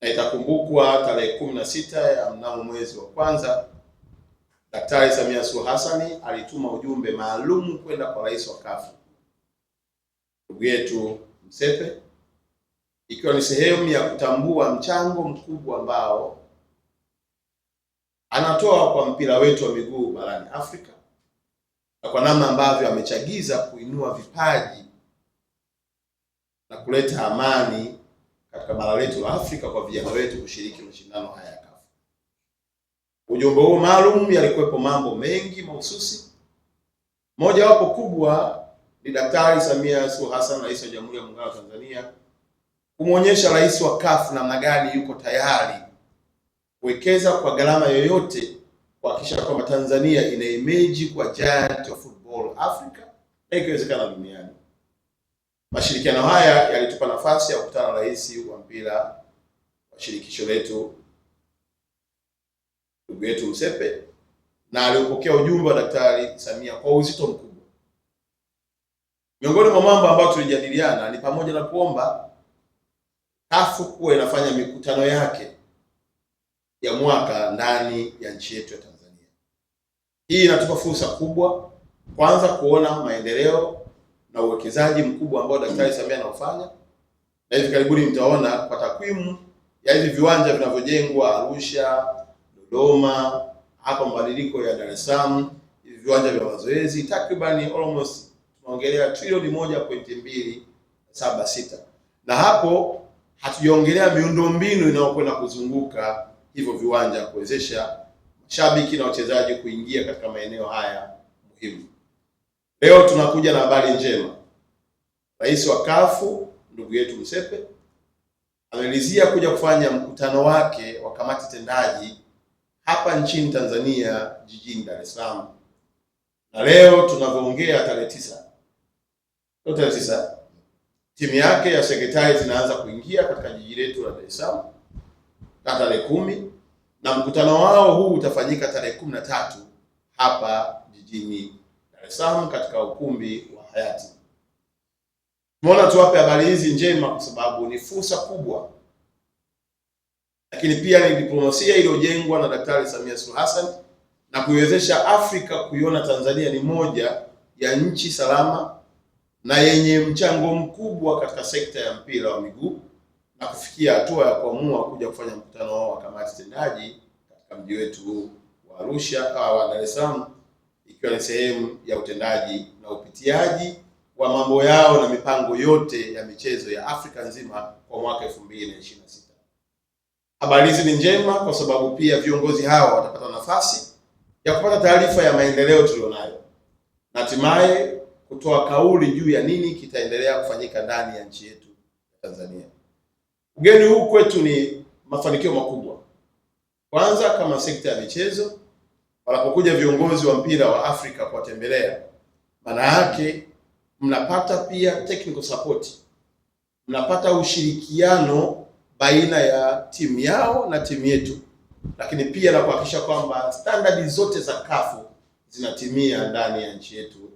na itakumbukwa tarehe kumi na sita ya mnamo mwezi wa kwanza, Daktari Samia Suluhu Hassan alituma ujumbe maalum kwenda kwa rais wa kafu ndugu yetu Msepe, ikiwa ni sehemu ya kutambua mchango mkubwa ambao anatoa kwa mpira wetu wa miguu barani Afrika na kwa namna ambavyo amechagiza kuinua vipaji na kuleta amani katika bara letu la Afrika kwa vijana wetu kushiriki mashindano haya ya CAF. Ujumbe huu maalum yalikuwepo mambo mengi mahususi, mojawapo kubwa ni Daktari Samia Suluhu Hassan, rais wa Jamhuri ya Muungano wa Tanzania, kumwonyesha rais wa CAF namna gani yuko tayari kuwekeza kwa gharama yoyote kuhakikisha kwamba Tanzania ina image kwa giant wa football Africa na ikiwezekana duniani. Mashirikiano haya yalitupa nafasi ya kukutana na rais wa mpira wa shirikisho letu ndugu yetu usepe na aliupokea ujumbe wa Daktari Samia kwa uzito mkubwa. Miongoni mwa mambo ambayo tulijadiliana ni pamoja na kuomba kafu kuwa inafanya mikutano yake ya mwaka ndani ya nchi yetu ya Tanzania. Hii inatupa fursa kubwa, kwanza kuona maendeleo na uwekezaji mkubwa ambao Daktari Samia anaofanya, na hivi karibuni mtaona kwa takwimu ya hivi viwanja vinavyojengwa Arusha, Dodoma, hapa mabadiliko ya Dar es Salaam, hivi viwanja vya mazoezi takribani almost tunaongelea trilioni moja pointi mbili saba sita na hapo hatujaongelea miundombinu inayokwenda kuzunguka hivyo viwanja kuwezesha mashabiki na wachezaji kuingia katika maeneo haya muhimu. Leo tunakuja na habari njema. Rais wa Kafu ndugu yetu Msepe amelizia kuja kufanya mkutano wake wa kamati tendaji hapa nchini Tanzania jijini Dar es Salaam, na leo tunavyoongea tarehe tisa, leo tarehe tisa, timu yake ya sekretari zinaanza kuingia katika jiji letu la Dar es Salaam na tarehe kumi, na mkutano wao huu utafanyika tarehe kumi na tatu hapa jijini Salaam katika ukumbi wa Hayati. Tumeona tuwape habari hizi njema kwa sababu ni fursa kubwa, lakini pia ni diplomasia iliyojengwa na Daktari Samia Suluhu Hassan na kuiwezesha Afrika kuiona Tanzania ni moja ya nchi salama na yenye mchango mkubwa katika sekta ya mpira wa miguu na kufikia hatua ya kuamua kuja kufanya mkutano wao wa kamati tendaji katika mji wetu wa Arusha au Dar es Salaam ikiwa ni sehemu ya utendaji na upitiaji wa mambo yao na mipango yote ya michezo ya Afrika nzima kwa mwaka 2026. Habari hizi ni njema kwa sababu pia viongozi hawa watapata nafasi ya kupata taarifa ya maendeleo tulionayo na hatimaye kutoa kauli juu ya nini kitaendelea kufanyika ndani ya nchi yetu ya Tanzania. Ugeni huu kwetu ni mafanikio makubwa, kwanza kama sekta ya michezo wanapokuja viongozi wa mpira wa Afrika kuwatembelea, maana yake mnapata pia technical support, mnapata ushirikiano baina ya timu yao na timu yetu, lakini pia na kuhakikisha kwamba standardi zote za kafu zinatimia ndani ya nchi yetu.